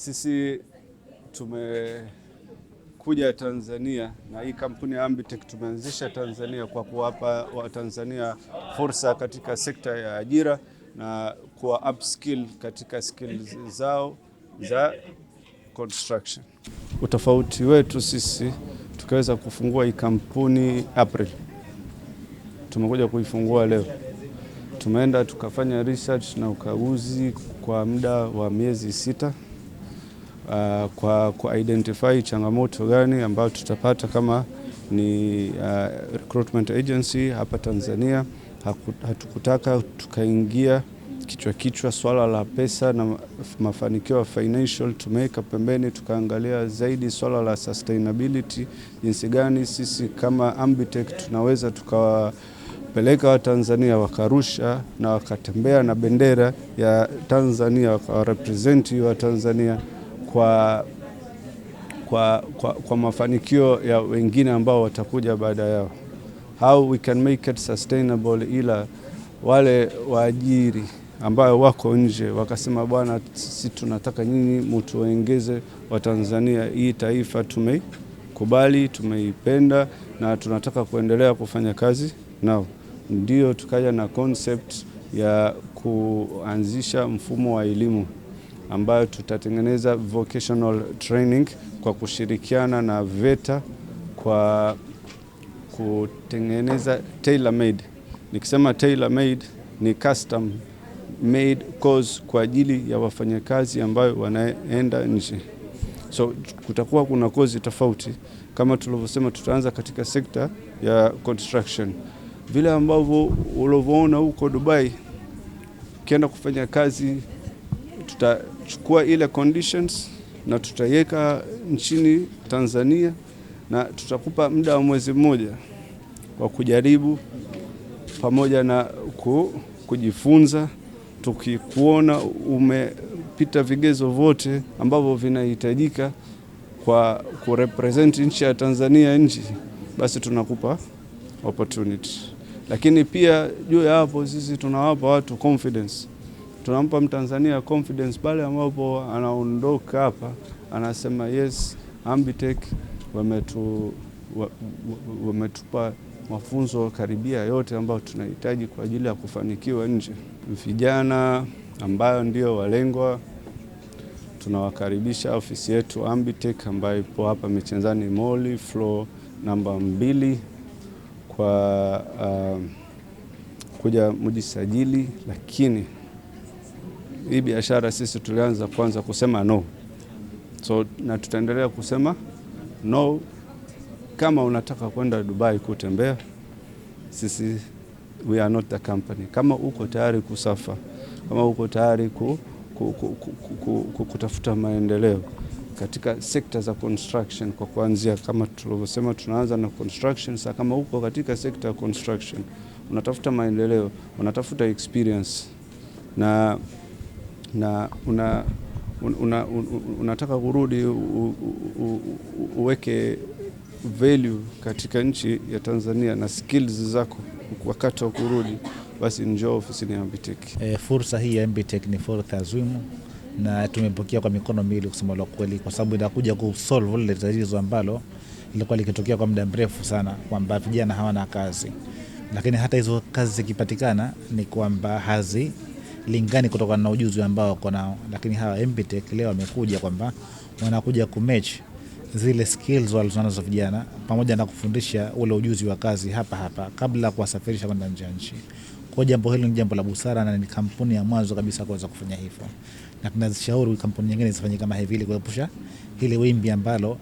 Sisi tumekuja Tanzania na hii kampuni ya Ambitech tumeanzisha Tanzania kwa kuwapa Watanzania fursa katika sekta ya ajira na kuwa upskill katika skills zao za construction. Utofauti wetu sisi tukaweza kufungua hii kampuni April, tumekuja kuifungua leo. Tumeenda tukafanya research na ukaguzi kwa muda wa miezi sita uh, kwa kuidentify changamoto gani ambayo tutapata kama ni uh, recruitment agency hapa Tanzania. Hatukutaka tukaingia kichwa kichwa swala la pesa na mafanikio ya financial, tumeweka pembeni, tukaangalia zaidi swala la sustainability, jinsi gani sisi kama Ambitech tunaweza tukawapeleka Watanzania wakarusha na wakatembea na bendera ya Tanzania wakawarepresenti tanzania kwa, kwa, kwa, kwa mafanikio ya wengine ambao watakuja baada yao. How we can make it sustainable, ila wale waajiri ambayo wako nje wakasema, bwana, sisi tunataka nyinyi mutuongeze Watanzania, hii taifa tumeikubali, tumeipenda na tunataka kuendelea kufanya kazi nao. Ndio tukaja na concept ya kuanzisha mfumo wa elimu ambayo tutatengeneza vocational training kwa kushirikiana na VETA kwa kutengeneza tailor made. Nikisema tailor made ni custom made course kwa ajili ya wafanyakazi ambayo wanaenda nje. So kutakuwa kuna kozi tofauti kama tulivyosema, tutaanza katika sekta ya construction, vile ambavyo ulivyoona huko Dubai, ukienda kufanya kazi tuta tutachukua ile conditions na tutaiweka nchini Tanzania na tutakupa muda wa mwezi mmoja wa kujaribu pamoja na ku, kujifunza tukikuona umepita vigezo vyote ambavyo vinahitajika kwa kurepresent nchi ya Tanzania nchi, basi tunakupa opportunity. Lakini pia juu ya hapo, sisi tunawapa watu confidence tunampa Mtanzania confidence pale ambapo anaondoka hapa anasema yes, Ambitech wametu, wametupa mafunzo karibia yote ambayo tunahitaji kwa ajili ya kufanikiwa nje. Vijana ambayo ndio walengwa, tunawakaribisha ofisi yetu Ambitech ambayo ipo hapa Michenzani moli floor namba mbili kwa uh, kuja mujisajili, lakini hii biashara sisi tulianza kwanza kusema no, so na tutaendelea kusema no. Kama unataka kwenda Dubai kutembea, sisi we are not the company. Kama uko tayari kusafa, kama uko tayari ku, ku, ku, ku, ku, ku, kutafuta maendeleo katika sekta za construction kwa kuanzia, kama tulivyosema, tunaanza na construction. Sasa kama uko katika sekta ya construction unatafuta maendeleo, unatafuta experience na na una, una, un, unataka kurudi uweke value katika nchi ya Tanzania na skills zako wakati wa kurudi, basi njoo ofisini ya MBTEC. E, fursa hii ya MBTEC ni fursa azimu na tumepokea kwa mikono miwili kusema la kweli, kwa sababu inakuja kusolve lile tatizo ambalo lilikuwa likitokea kwa muda mrefu sana kwamba vijana hawana kazi, lakini hata hizo kazi zikipatikana ni kwamba hazi lingani kutokana na ujuzi ambao wako nao, lakini hawa Empitech leo wamekuja kwamba wanakuja kumatch zile skills walizonazo vijana pamoja na kufundisha ule ujuzi wa kazi hapa hapa kabla ya kuwasafirisha kwenda nje ya nchi. Kwa jambo hilo ni jambo la busara na ni kampuni ya mwanzo kabisa kuweza kufanya hivyo, na tunazishauri kampuni nyingine zifanye kama hivi ili kuepusha hili wimbi ambalo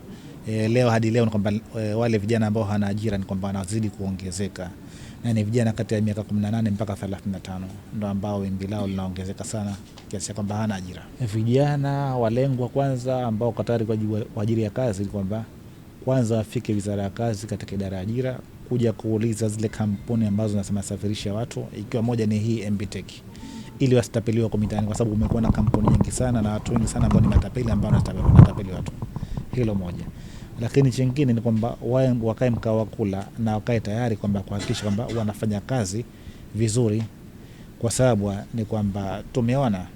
e, leo hadi leo ni kwamba e, wale vijana ambao hawana ajira ni kwamba wanazidi kuongezeka na ni vijana kati ya miaka 18 mpaka 35 ndo ambao wimbi lao linaongezeka sana kiasi cha kwamba hana ajira. Vijana walengwa kwanza ambao kwa tayari kwa ajili ya kazi ni kwamba kwanza wafike Wizara ya Kazi katika idara ya ajira kuja kuuliza zile kampuni ambazo nasema safirisha watu, ikiwa moja ni hii MBTech ili wasitapeliwa kwa mitaani, kwa sababu kumekuwa na kampuni nyingi sana na watu wengi sana ambao ni matapeli ambao wanatapeli watu. Hilo moja lakini chingine ni kwamba wakae mkaa wa kula na wakae tayari kwamba kuhakikisha kwamba wanafanya kazi vizuri, kwa sababu ni kwamba tumeona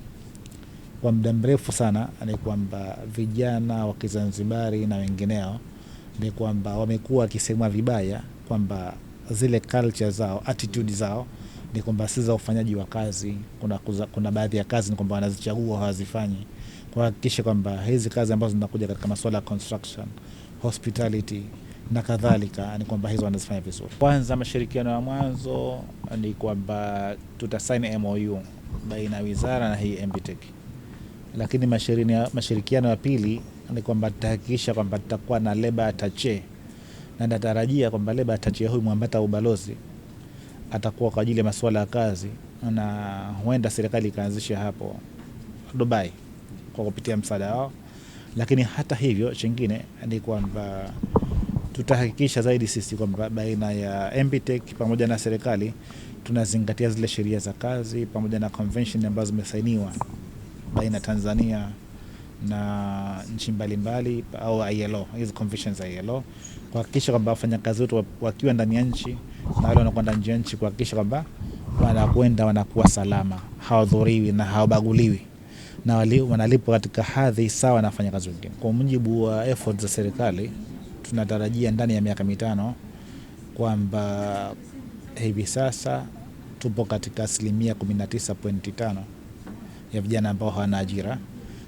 kwa muda mrefu sana ni kwamba vijana wa Kizanzibari na wengineo ni kwamba wamekuwa wakisemwa vibaya kwamba zile culture zao, attitude zao ni kwamba si za ufanyaji wa kazi. Kuna, kuna baadhi ya kazi ni kwamba wanazichagua hawazifanyi, kuhakikisha kwamba hizi kazi ambazo zinakuja katika masuala ya construction hospitality na kadhalika, ni kwamba hizo wanazifanya vizuri. Kwanza mashirikiano ya mwanzo ni kwamba tutasaini MOU baina ya wizara na hii MPTEC, lakini mashirikiano ya pili ni kwamba tutahakikisha kwamba tutakuwa na leba atache, na natarajia kwamba leba atache huyu mwambata ubalozi atakuwa kwa ajili ya masuala ya kazi, na huenda serikali ikaanzisha hapo Dubai kwa kupitia msaada wao. Lakini hata hivyo, chingine ni kwamba tutahakikisha zaidi sisi kwamba baina ya MPTEC pamoja na serikali tunazingatia zile sheria za kazi pamoja na convention ambazo zimesainiwa baina ya Tanzania na nchi mbalimbali au ILO, hizi convention za ILO, kuhakikisha kwamba wafanyakazi wetu wakiwa ndani ya nchi na wale wanakwenda nje ya nchi, kuhakikisha kwamba wanakwenda wanakuwa salama, hawadhuriwi na hawabaguliwi na wanalipwa katika hadhi sawa na wafanyakazi wengine. Kwa mujibu wa efforts za serikali, tunatarajia ndani ya miaka mitano kwamba hivi sasa tupo katika asilimia 19.5 ya vijana ambao hawana ajira.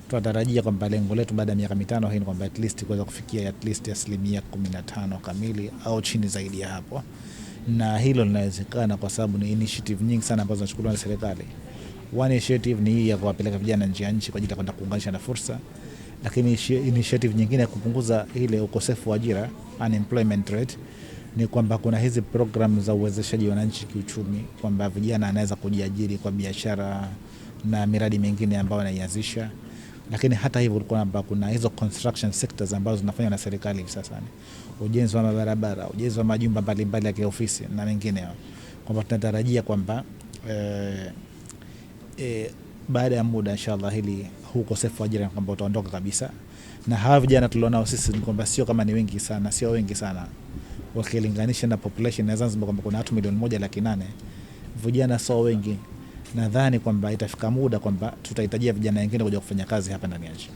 Tunatarajia kwamba lengo letu baada ya miaka mitano hii ni kwamba at least kuweza kufikia at least asilimia 15 kamili au chini zaidi ya hapo, na hilo linawezekana kwa sababu ni initiative nyingi sana ambazo zinachukuliwa na serikali. One initiative ni hii ya kuwapeleka vijana nje ya nchi kwa ajili ya kwenda kuunganisha na fursa, lakini initiative nyingine ya kupunguza ile ukosefu wa ajira unemployment rate ni kwamba kuna hizi programu za uwezeshaji wananchi kiuchumi, kwamba vijana anaweza kujiajiri kwa biashara na miradi mingine ambayo anaianzisha. Lakini hata hivyo kwamba kuna hizo construction sectors ambazo zinafanywa na serikali hivi sasa, ujenzi wa mabarabara, ujenzi wa majumba mbalimbali ya kiofisi na mengineo, kwamba tunatarajia kwamba eh, e, baada ya muda inshallah hili huu ukosefu wa ajira kwamba utaondoka kabisa, na hawa vijana tulionao sisi ni kwamba sio kama ni wengi sana, sio wengi sana wakilinganisha na population ya Zanzibar kwamba kuna watu milioni moja laki nane vijana sio wengi. Nadhani kwamba itafika muda kwamba tutahitajia vijana wengine kuja kufanya kazi hapa ndani ya nchi.